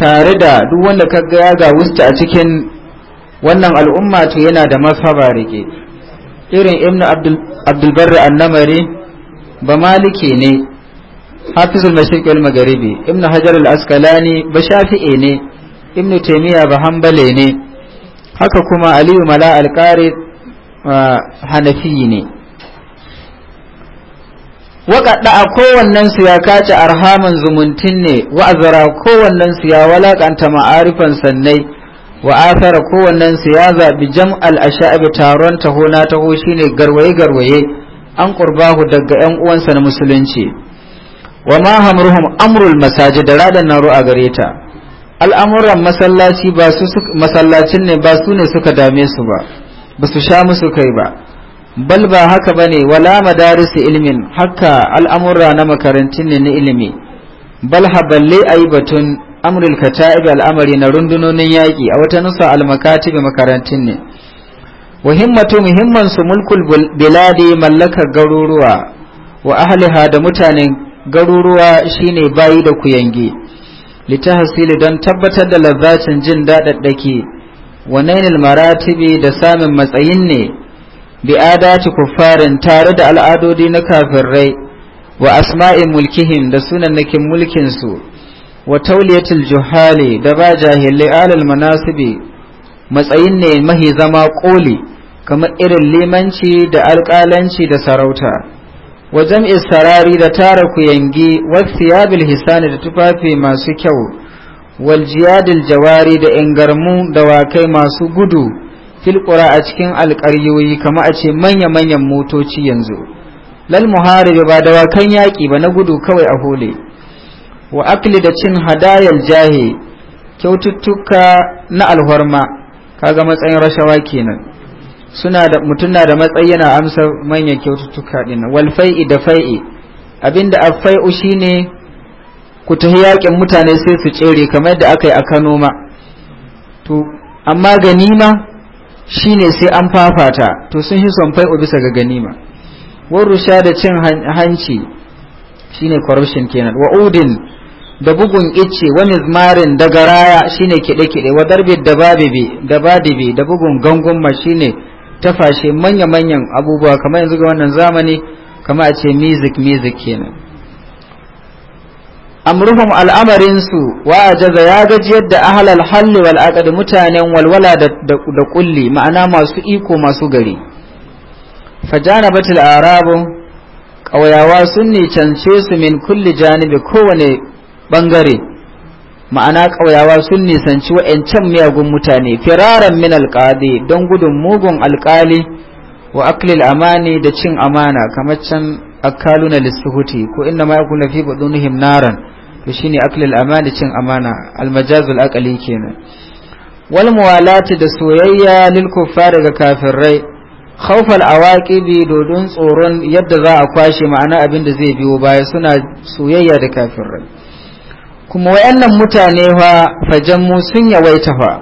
tare da duk wanda kaga ya ga wusta a cikin wannan al'umma to yana da mafaba rike irin ibnu abdul barri annamari ba maliki ne hafizul mashriq magharibi ibnu hajar al asqalani ba shafi'i ne ibnu taymiya ba hanbali ne haka kuma aliyu mala al qari ah, hanafi ne waƙaɗa a kowannensu ya kace arhaman zumuntin ne wa'azara kowannensu ya walakanta ma'arifan sannai wa athara kowannensu ya zaɓi jam'al asha'abi taron taho na taho shine garwaye garwaye an qurbahu daga ƴan uwansa na musulunci wa ma hamruhum amrul masajid da radan naro a gare ta al'amuran masallaci ba su masallacin ne ba su ne suka dame su ba ba su sha musu kai ba bal ba haka ba ne wala madarisu ilmin haka al'amurra na makarantun ne na ilimi bal haballe ayi batun ta kata'ib al'amari na rundunonin yaƙi a wata nusa al-makatib makarantun ne wa himmatu muhimman su mulkul biladi mallakar garuruwa wa ahliha da mutanen garuruwa shine bayi da kuyange litahsili don tabbatar da lazzacin jin dadaddaki wa nainil maratibi da samun matsayin ne bi adati kuffarin tare da al'adodi na kafirai wa asma'in mulkihim da sunannakin mulkinsu wa tauliyatul juhali da ba jahilai alal manasibi matsayin ne mahi zama koli kamar irin limanci da alƙalanci da sarauta wa jam'is sarari da tara kuyangi wa siyabil hisani da tufafi masu kyau wal jiyadil jawari da ingarmu dawakai masu gudu filƙura a cikin alƙaryoyi kama a ce manya-manyan motoci yanzu lal muharibi ba dawakan yaƙi ba na gudu kawai a hole wa akli da cin hadayar jahe kyaututtuka na alhorma kaga matsayin rashawa kenan suna da mutum na da matsayi yana amsa manyan kyaututtuka din wal fai'i da fai'i abinda afai'u shine ku tahi yaƙin mutane sai su tsere kamar da aka yi a Kano ma to amma ganima shine sai an fafata to sun shi son fai'o bisa ga ganima rusha da cin hanci shine corruption kenan wa udin da bugun icce wa mizmarin da garaya shine kide kiɗe wa darbe da babibi da badibi da bugun gangunma shine tafashe manya-manyan abubuwa kamar yanzu ga wannan zamani kama a ce music music kenan amruhum al'amarinsu wa ajaza ya gaji yadda ahalal halli wal aqd mutanen walwala da kulli ma'ana masu iko masu gari fajana batil arabu ƙauyawa sun cance su min kulli janibi kowane bangare ma'ana ƙauyawa sun nisanci wa'ancan miyagun mutane firaran min alqadi don gudun mugun alƙali wa aklil amani da cin amana kamar can akaluna lissuhuti ko inna ma yakuna fi budunihim naran to shine aklil amana cin amana almajazul aqali kenan wal muwalati da soyayya lil kuffar ga kafirai al awaqibi dodon tsoron yadda za a kwashe ma'ana abin da zai biyo baya suna soyayya da kafirai kuma wayannan mutane fa mu sun yawaita fa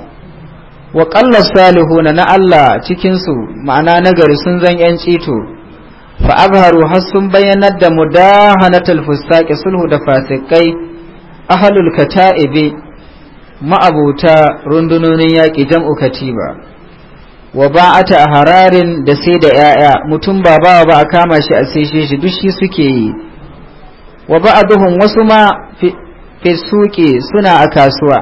wa qalla salihuna na Allah cikin su ma'ana nagari sun zan yan cito fa azharu har sun bayyanar da mudahanatul fusaqi sulhu da fasikai ahalul kata'ibi ma'abuta rundunonin yaƙi jam'u katiba wa ba'ata a hararin da sai da ‘ya'ya mutum ba ba ba a kama shi a sai shi duk shi suke yi wa ba'aduhum wasu ma fi suke suna a kasuwa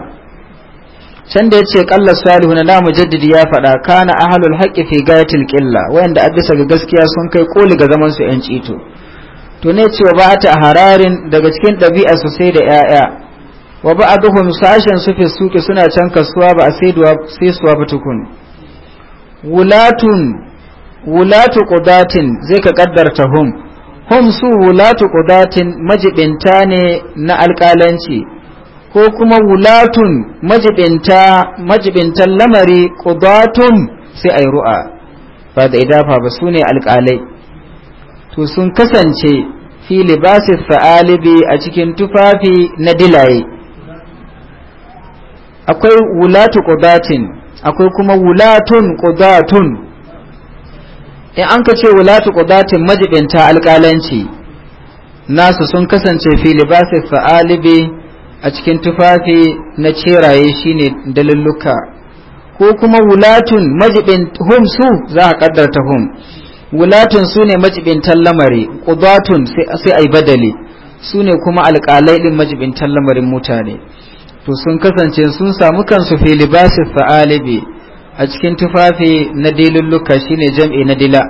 can da ya ce ƙalla salihu na namu jaddidi ya faɗa kana ahalul haƙƙi fi gayatil ƙilla wayanda a bisa ga gaskiya sun kai koli ga zaman su ‘yan cito to ne cewa ba ta hararin daga cikin ɗabi'a su sai da ‘ya'ya wa ba a duhun sashen su fi suke suna can kasuwa ba a sai suwa ba tukun wulatun wulatu kudatin zai ka ƙaddarta hum hum su wulatu kudatin majibinta ne na alƙalanci ko kuma wulatun majibinta majibintan lamari kudatun sai a yi ru'a ba da idafa ba su ne alƙalai to sun kasance fi libasin fa'alibi a cikin tufafi na dilaye akwai wulatu qudatin akwai kuma wulatun qudatun in an ka ce wulatu qudatin majibinta alƙalanci nasu sun kasance fi libasin fa'alibi a cikin tufafi na ceraye shine dalilluka ko kuma wulatun majibin hum su za a kaddarta hum wulatun sune ne majibintan lamari ƙudatun sai a badali sune kuma alƙalai ɗin majibintan lamarin mutane to sun kasance sun samu kansu fi libasin fa'alibi a cikin tufafi na dilulluka shine jam'i na dila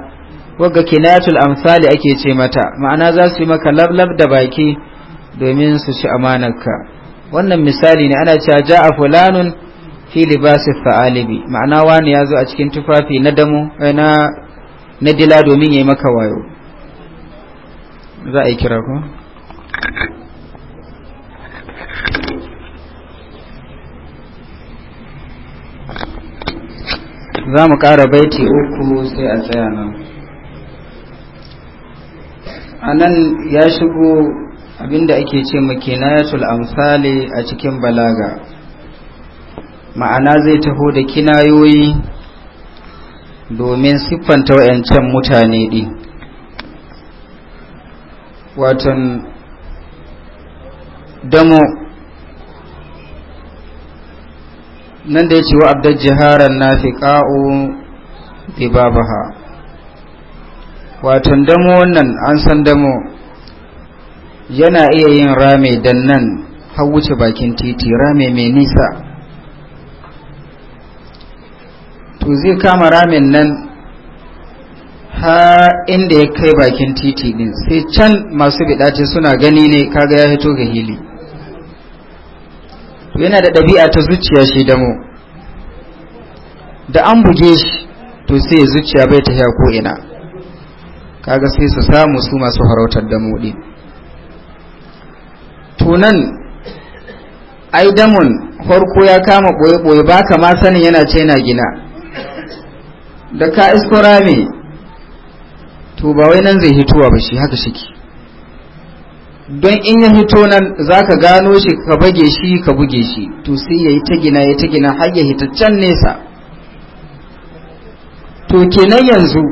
wagga kinayatul amsali ake ce mata ma'ana za su yi maka lablab da baki domin su ci amanarka wannan misali ne ana cewa ja'a fulanun fi libasi fa'alibi ma'ana wani ya zo a cikin tufafi na damu eh, na na dila domin ya yi maka wayo za a yi kira ko za mu ƙara baiti uku sai a tsaya nan a nan ya shigo abinda ake ce makinayatul amsali a cikin balaga ma'ana zai taho da kinayoyi domin siffanta wayancan mutane din watan damo nan da ya ce wa'abdar jiharar na fi ƙa'o watan damo wannan an san damo yana iya yin rame dan nan har wuce bakin titi rame mai nisa to zai kama ramin nan ha inda ya kai bakin titi din sai can masu bidace suna gani ne kaga ya fito ga hili to yana da ɗabi'a ta zuciya shi da mu. da an buge shi to sai ya zuciya bai ya ko ina kaga sai su samu su masu harautar damo din tunan ai farko ya kama ɓoye-ɓoye ba ka ma sanin yana ce na gina da ka iskura rami to ba wai nan zai hitowa ba shi haka shiki don in ya hito nan za ka gano shi ka bage shi ka buge shi to sai ya yi ta gina ya ta gina har ya hita can nesa to kenan yanzu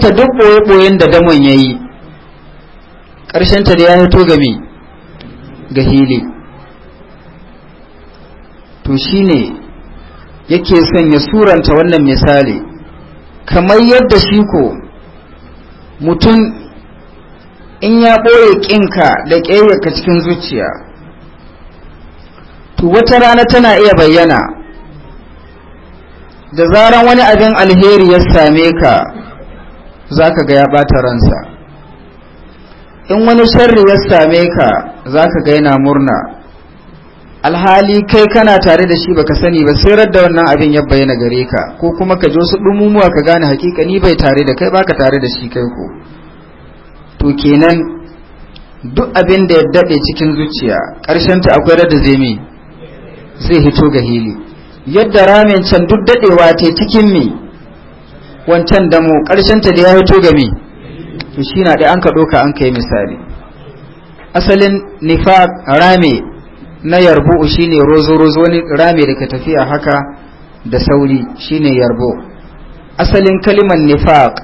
ta duk ɓoye-ɓoyen da damon ya yi ta da ya hito me ga hili to shine yake son ya suranta wannan misali kamar yadda shi ko mutum in ya ɓoye ƙinka da ƙeyarka cikin zuciya to wata rana tana iya bayyana da zaran wani abin alheri ya same ka za ka ga ya ɓata ransa in wani sharri ya same ka za ka ga yana murna alhali kai kana tare da shi baka sani ba sai radda wannan abin ya bayyana gare ka ko kuma ka ji wasu dumumuwa ka gane hakika ni bai tare da kai baka tare da shi kai ko to kenan duk abin da ya dade cikin zuciya karshen ta akwai radda zai mi zai hito ga hili yadda ramen can duk dadewa ta cikin mi wancan damo karshen ta da ya hito ga mi to shi na da an ka doka an kai misali asalin nifaq rame na yarbu shine rozo-rozo wani rame da ka tafiya haka da sauri shine yarbu asalin kalimar nifaq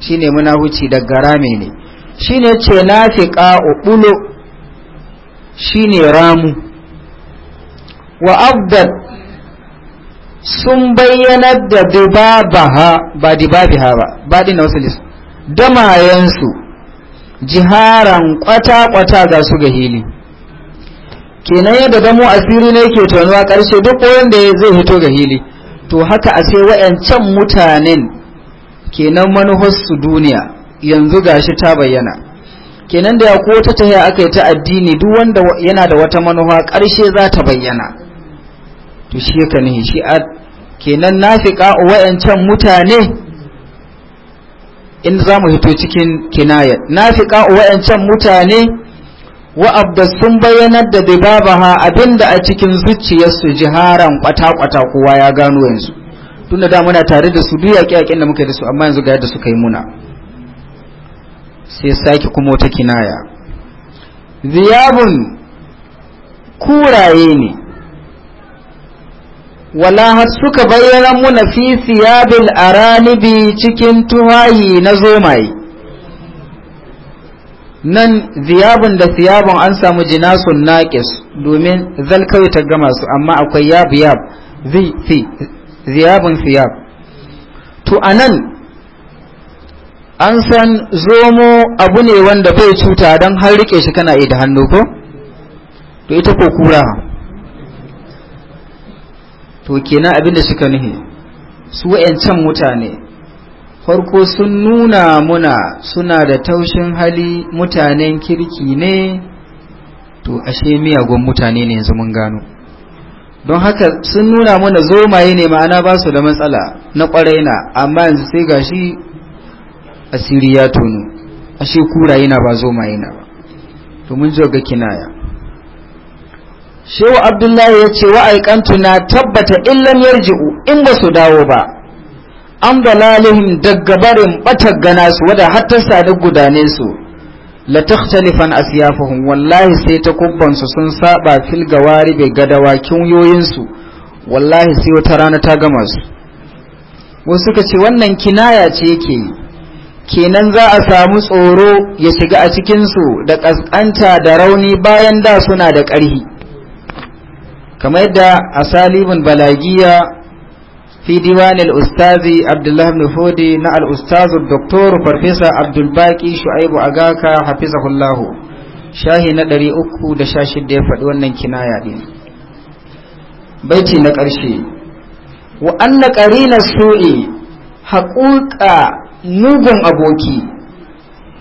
shine huci daga rame ne shine ce nafiqa ubulo shine ramu wa abdad sun bayyana da dubabaha ba dibabiha ba ba dina wasu lisan damayensu jiharan kwata-kwata ga su ga hili kenan yadda damu asiri ne yake tonuwa ƙarshe duk wanda zai hito ga hili to haka a sai wayancan mutanen kenan manufarsu duniya yanzu gashi ta bayyana kenan da ya ko ta tahiya aka yi ta addini duk wanda yana da wata manufa ƙarshe za ta bayyana to shi ka ne shi a kenan nafiƙa wayancan mutane in za mu hito cikin kinaya nafiƙa wayancan mutane wa'abda sun bayyanar da dibabaha abinda a cikin zuciyarsu jiharan kwata-kwata kowa ya gano yanzu tun da muna tare da su duk a kin da muka da su amma yanzu ga yadda suka yi muna sai sake kuma wata kinaya ziyabun kuraye ne wala har suka bayyana muna fi siyabil aranibi cikin tuhayi na zomaye nan ziyabun da siyabun an samu jinasun naqis domin zal kawai ta gama su amma akwai yab yab zi fi ziyabun siyab to anan an san zomo abu ne wanda bai cuta don har rike shi kana yi da hannu ko to ita ko kura to kenan abin da suka nuhi su wa'yancan mutane farko sun nuna muna suna da taushin hali mutanen kirki ne to ashe miyagun mutane ne yanzu mun gano don haka sun nuna muna zomaye ne ma'ana ba su da matsala na kwarai na amma yanzu sai gashi asiri ya tono ashe kura yana ba zomaye na ba to mun zo ga kinaya shehu abdullahi ya ce wa'aikantu na tabbata illan yarji'u in ba su dawo ba an dalalihim daga barin batar gana su wadda har ta sadu gudane su la takhtalifan asyafuhum wallahi sai ta kubbansu sun saba fil gawari bai ga dawakin yoyin su wallahi sai wata rana ta gama su wasu suka ce wannan kinaya ce yake kenan za a samu tsoro ya shiga a cikin su da kaskanta da rauni bayan da suna da ƙarhi kamar yadda asalibin balagiya في ديوان الأستاذ عبد الله بن فودي مع الأستاذ الدكتور فرفيسا عبد الباقي شعيب أغاكا حفظه الله شاهي ندري أكو دشاش دي فدوانا كنايا دي بيتي نكرشي وأن قرين السوء حقوق نوغم أبوكي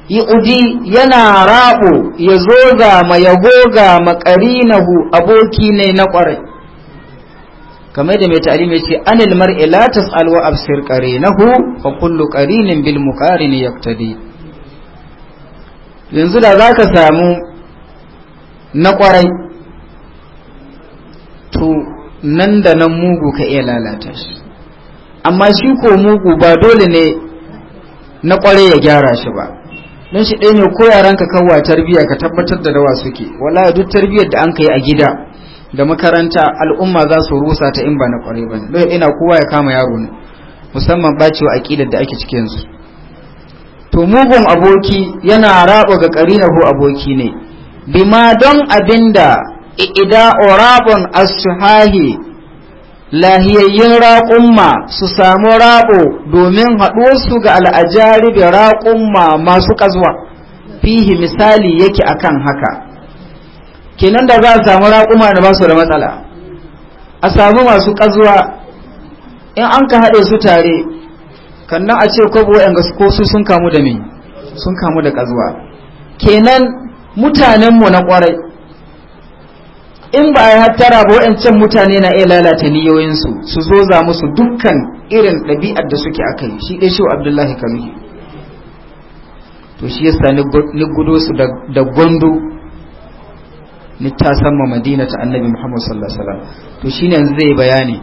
يؤدي udi yana raɓo ya zoga ma ya goga makarinahu kamar da mai ta'alimi yace anil mar'i la tas'al wa absir qarinahu fa kullu qarinin bil muqarin yaqtadi yanzu da zaka samu na kwarai to nan da nan mugu ka iya lalata shi amma shi ko mugu ba dole ne na kwarai ya gyara shi ba don shi ɗaya ne ko yaranka kawwa tarbiyya ka tabbatar da dawa suke wala duk tarbiyyar da an kai a gida da makaranta al'umma za su rusa ta in ba na kwarai ba ne ina kowa ya kama yaro ne musamman bacewa aƙidar da ake cikin su to mugun aboki yana raba ga ko aboki ne bima don abinda ida orabon asuhahi lahiyayyen raƙumma su samu rabo domin su ga da raƙumma masu ƙazwa fihi misali yake akan haka kenan da za a samu raƙuma da ba su da matsala a samu masu ƙazuwa in an ka haɗe su tare kannan a ce kwabo yanga ko su sun kamu da me sun kamu da ƙazuwa kenan mutanenmu na ƙwarai in ba a yi hattara ba waɗancan mutane na iya lalata niyoyinsu su zo za musu dukkan irin ɗabi'ar da suke aka yi shi ɗai shi abdullahi kanuhi to shi yasa ni gudo su da gondo littasan ma madina ta annabi muhammad sallallahu alaihi wasallam to shine yanzu zai bayani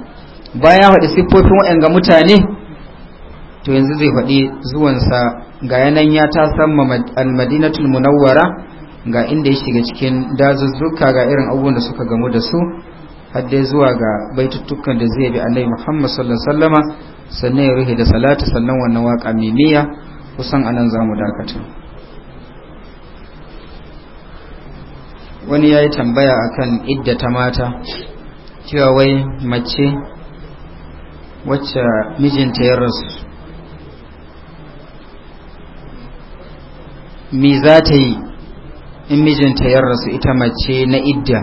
bayan faɗi siffofin waɗanga mutane to yanzu zai faɗi zuwansa ga yanan ya ta san ma almadinatul munawwara ga inda ya shiga cikin dazuzzuka ga irin abubuwan da suka gamu da su har dai zuwa ga baituttukan da zai bi annabi muhammad sallallahu alaihi wasallama sannan ya ruhe da salatu sannan wannan waka mimiya kusan anan zamu dakata wani ya yi tambaya a kan ta mata cewa wai mace wacce mijinta ya rasu mi za ta yi in mijinta ya rasu ita mace na idda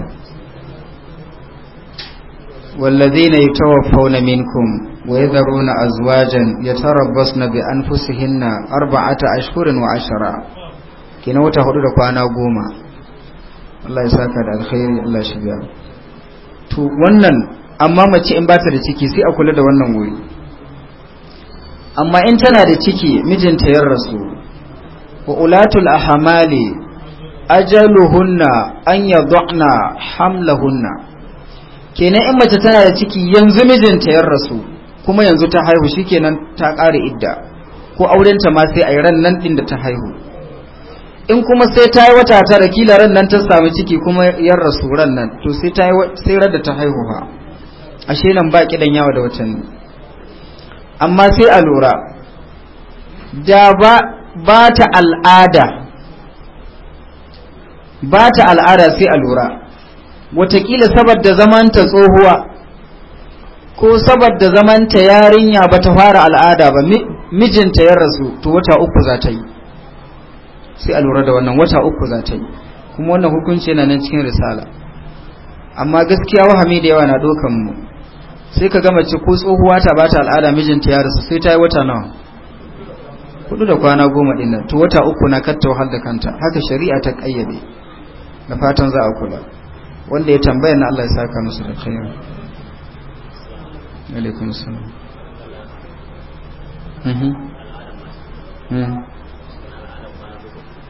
wallazi na yi tawafa minkum wa yi zaro na azuwajen ya tara bas na bi an fusihin na arba'ata ashirin wa ashira. kina wuta hudu da kwana goma Allah ya saka da alkhairi Allah shi biya to wannan amma mace in bata da ciki sai a kula da wannan wuri amma in tana da ciki mijinta ya rasu wa ulatul ahamali ajaluhunna an yadhna hamlahunna kenan in mace tana da ciki yanzu mijinta ya rasu kuma yanzu ta haihu shikenan ta ƙare idda ko aurenta ma sai a yi ran nan din da ta haihu in kuma sai ta yi wata tara kila ran nan ta samu ciki kuma yar rasu ran nan to sai ta yi sai rada ta haihu ashe nan ba kidan yawa da watanni amma sai a lura da ba ba ta al'ada ba ta al'ada sai a lura watakila saboda zamanta tsohuwa ko saboda zamanta yarinya ba ta fara al'ada ba mijinta ya rasu to wata uku za ta yi sai a lura da wannan wata uku za ta yi kuma wannan hukunci yana nan cikin risala amma gaskiya wahami da yawa na dokan mu sai ka gama ce ko tsohuwa ta bata al'ada mijinta ya rasu sai ta yi wata nawa kudu da kwana goma din nan to wata uku na katta wahal da kanta haka shari'a ta kayyade da fatan za a kula wanda ya tambaya na Allah ya saka musu da kai alaikum salam mhm mhm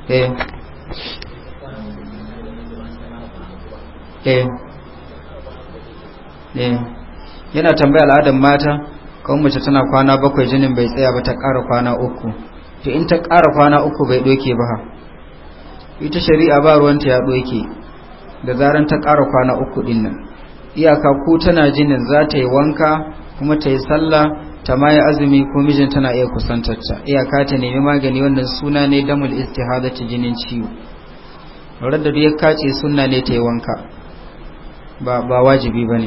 Eh. Eh. Eh. yana tambaya al'adar mata kawai mace tana kwana bakwai jinin bai tsaya ba ta ƙara kwana uku to in ta ƙara kwana uku bai doke ba ita shari'a ba ruwanta ya doke da zaran ta ƙara kwana uku ɗin nan iyaka ko tana jinin za ta yi wanka kuma ta yi sallah ta ma azumi ko mijin tana iya kusantarta iyaka ta nemi magani wannan suna ne damul ta jinin ciwo duk ya kace sunna ne ta yi wanka ba ba wajibi ba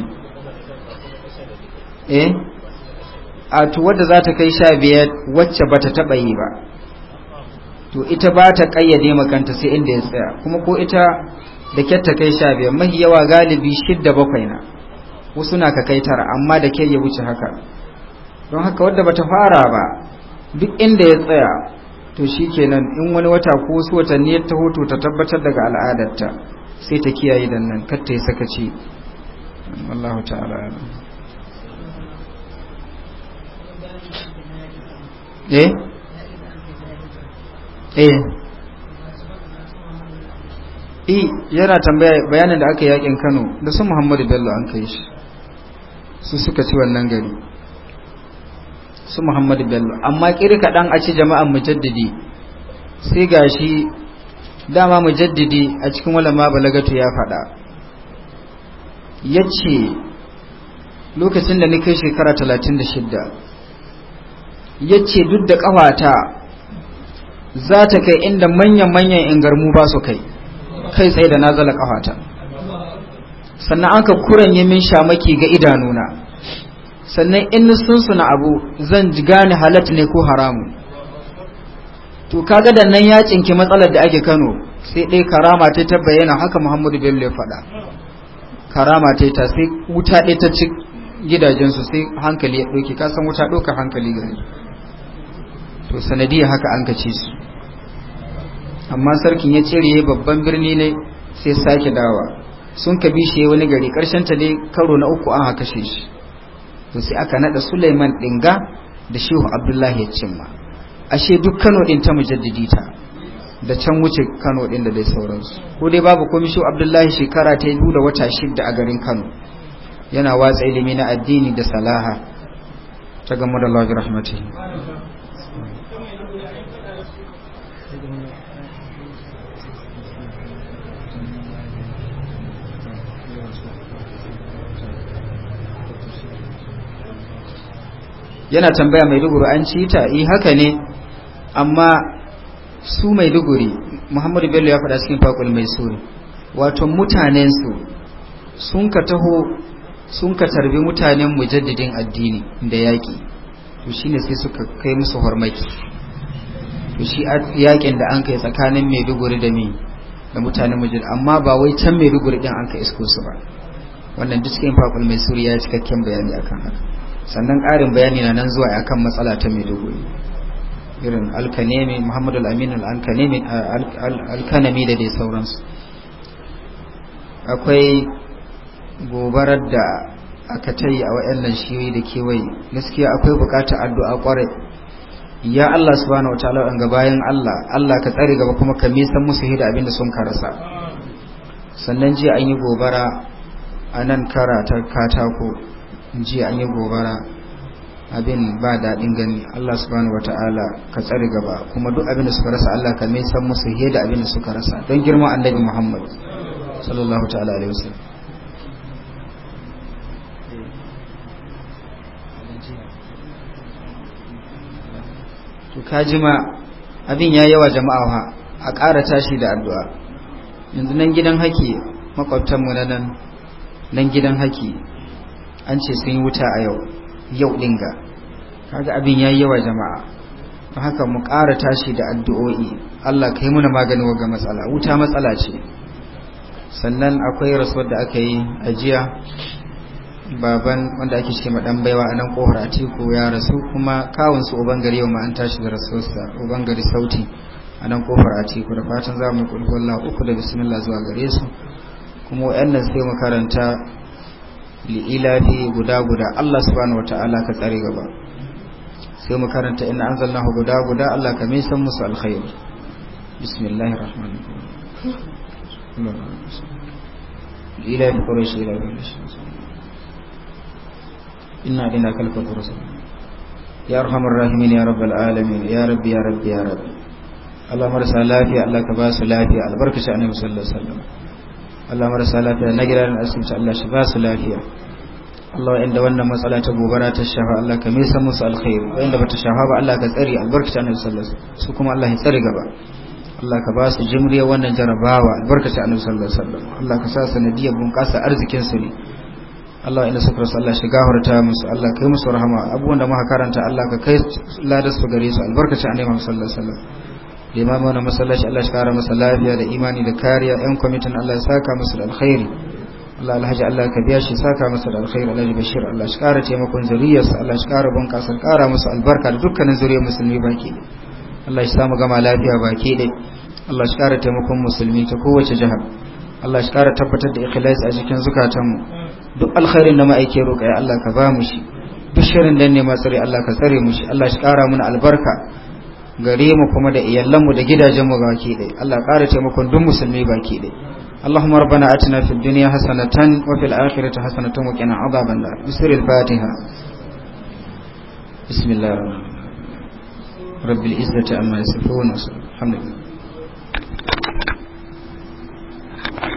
eh a wadda za ta kai sha biyar wacce ba ta taba yi ba to ita ba ta kayyade makanta sai inda ya tsaya kuma ko ita da ta kai sha biyar mahi yawa galibi shidda bakwai na wasu na ka kai tara amma da ke ya wuce haka don haka wadda bata fara ba duk inda ya tsaya to shikenan in wani wata ko wasu watanni ya taho to ta tabbatar daga al'adarta sai ta kiyaye dan nan kar ta yi sakaci ta'ala eh eh yana tambaya bayanin da aka yakin Kano da su Muhammadu Bello an kai shi su suka ci wannan gari su Muhammadu Bello amma kiri kaɗan a ci jama'an mujaddidi sai gashi dama mujaddidi a cikin walama balagatu ya faɗa ya ce lokacin da nake shekara talatin da shidda ya ce duk da ƙawata za ta kai inda manyan-manyan ingarmu ba su kai kai tsaye da na zala ƙawata sannan an ka kuranye min shamaki ga idanuna sannan in sun suna abu zan ji gane halatta ne ko haramu to kaga da nan ya cinki matsalar da ake Kano sai dai karama ta ta bayyana haka Muhammadu Bello ya faɗa karama ta ta sai wuta ɗaya ta ci gidajen su sai hankali ya ɗauke ka san wuta ɗaukar hankali gari to sanadiyar haka an kace su amma sarkin ya cire babban birni ne sai sake dawa sun kabi shi wani gari karshen ta dai karo na uku an haka shi to sai aka nada Suleiman dinga da Shehu Abdullahi ya cimma ashe duk Kano din ta mujaddidita da can wuce Kano din da dai sauransu ko dai babu komai Shehu Abdullahi shekara ta yi da wata shida a garin Kano yana watsa ilimi na addini da salaha ta gamu da Allah rahmatihi yana tambaya mai duguri an ci ta eh haka ne amma su mai duguri muhammadu bello ya faɗa cikin fakul mai suri wato mutanensu sun ka taho sun ka tarbi mutanen mujaddidin addini da yaƙi to shine sai suka kai musu hormaki to shi yaƙin da an kai tsakanin mai duguri da ni da mutanen mujaddid amma ba wai can mai duguri din an ka isko su ba wannan duk cikin fakul mai suri ya cikakken bayani akan haka sannan ƙarin bayani na nan zuwa akan matsala ta maiduguri irin alkanemi muhammadu al alkanemi da dai sauransu akwai gobarar da aka ta a wayannan shiyoyi da kewaye gaskiya akwai buƙatar addu'a ƙwarai ya Allah subhanahu wataala an ga bayan Allah Allah ka tsare gaba kuma ka misan musu hida abinda sun karasa sannan jiya an yi gobara a nan kara ta katako jiya an yi gobara abin ba daɗin gani Allah subhanahu wata'ala ka tsare gaba kuma duk abin da suka rasa Allah ka mai san musu yadda da abin da suka rasa don girma annabi Muhammad sallallahu ta'ala alaihi wasallam to kajima abin ya yawa jama'a ha a ƙara tashi da addu'a yanzu nan gidan haki makwabtanmu na nan nan gidan haki an ce sun yi wuta a yau yau dinga kaga abin yayi yawa jama'a don haka mu ƙara tashi da addu'o'i Allah kai muna magani ga matsala wuta matsala ce sannan akwai rasuwar da aka yi a jiya baban wanda ake ce dan baiwa a nan kohar atiku ya rasu kuma kawunsu uban gari yau ma an tashi da rasuwarsa uban gari sauti a nan atiku da fatan za mu yi uku da bismillah zuwa gare su kuma wa'annan sai mu karanta li'ilafi guda guda Allah subhanahu wata'ala ka tsare gaba sai mu karanta ina an zalna guda guda Allah ka mai san musu alkhairu bismillahir rahmanir rahim li'ilafi quraish ila quraish inna dina kalka quraish ya arhamar rahimin ya rabbal alamin ya rabbi ya rabbi ya rabbi Allah marasa lafiya Allah ka ba su lafiya albarkaci annabi sallallahu alaihi wasallam Allah marasa lafiya na gida na asibiti Allah shi ba su lafiya Allah inda wannan matsala ta gobara ta shafa Allah ka misa musu alkhairi wanda bata shafa ba Allah ka tsare albarkata annabi sallallahu alaihi wasallam su kuma Allah ya tsare gaba Allah ka ba su jimriya wannan jarabawa albarkata annabi sallallahu alaihi wasallam Allah ka sa sanadiyya bunƙasa arzikin su ne Allah inda suka rasu Allah shi gafarta musu Allah kai musu rahama abubuwan da muka karanta Allah ka kai ladar su gare su albarkacin annabi Muhammad sallallahu alaihi wasallam limamu na masallaci Allah shi kara masa lafiya da imani da kariya yan kwamitin Allah ya saka masa da alkhairi Allah alhaji Allah ka biya shi saka masa da alkhairi alhaji bashir Allah shi kara taimakon zuriyarsa Allah shi kara bunƙasa kara masa albarka da dukkanin zuriyar musulmi baki Allah shi samu gama lafiya baki ɗaya Allah shi kara taimakon musulmi ta kowace jihar Allah shi kara tabbatar da ikhlas a cikin zukatanmu duk alkhairin da ma'aike roƙa ya Allah ka ba mu shi duk shirin da ne ma tsare Allah ka tsare mu shi Allah shi kara mana albarka gare mu kuma da iyalanmu da gidajenmu baki ɗaya Allah ƙara taimakon duk musulmi baki ɗaya اللهم ربنا اتنا في الدنيا حسنة وفي الآخرة حسنة وقنا عذاب النار بسر الفاتحة بسم الله رب العزة عما يصفون الحمد لله